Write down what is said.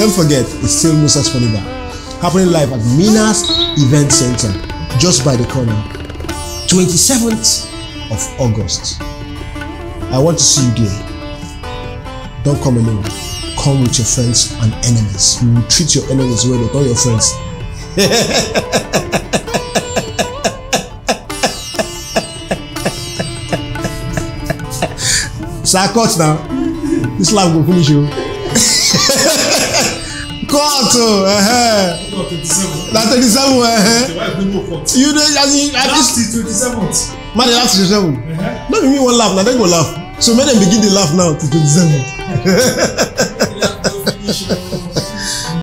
Don't forget, it's still Musa's Funiba, happening live at Minas Event Center, just by the corner, 27th of August. I want to see you there. Don't come alone. Come with your friends and enemies. You will treat your enemies well, but not your friends. Sarkot now. This life will finish you. kóòtù na twenty seven you dey as in at least man dey laugh till twenty seven no be me wan laugh na dem go laugh so make dem begin dey laugh now till twenty seven.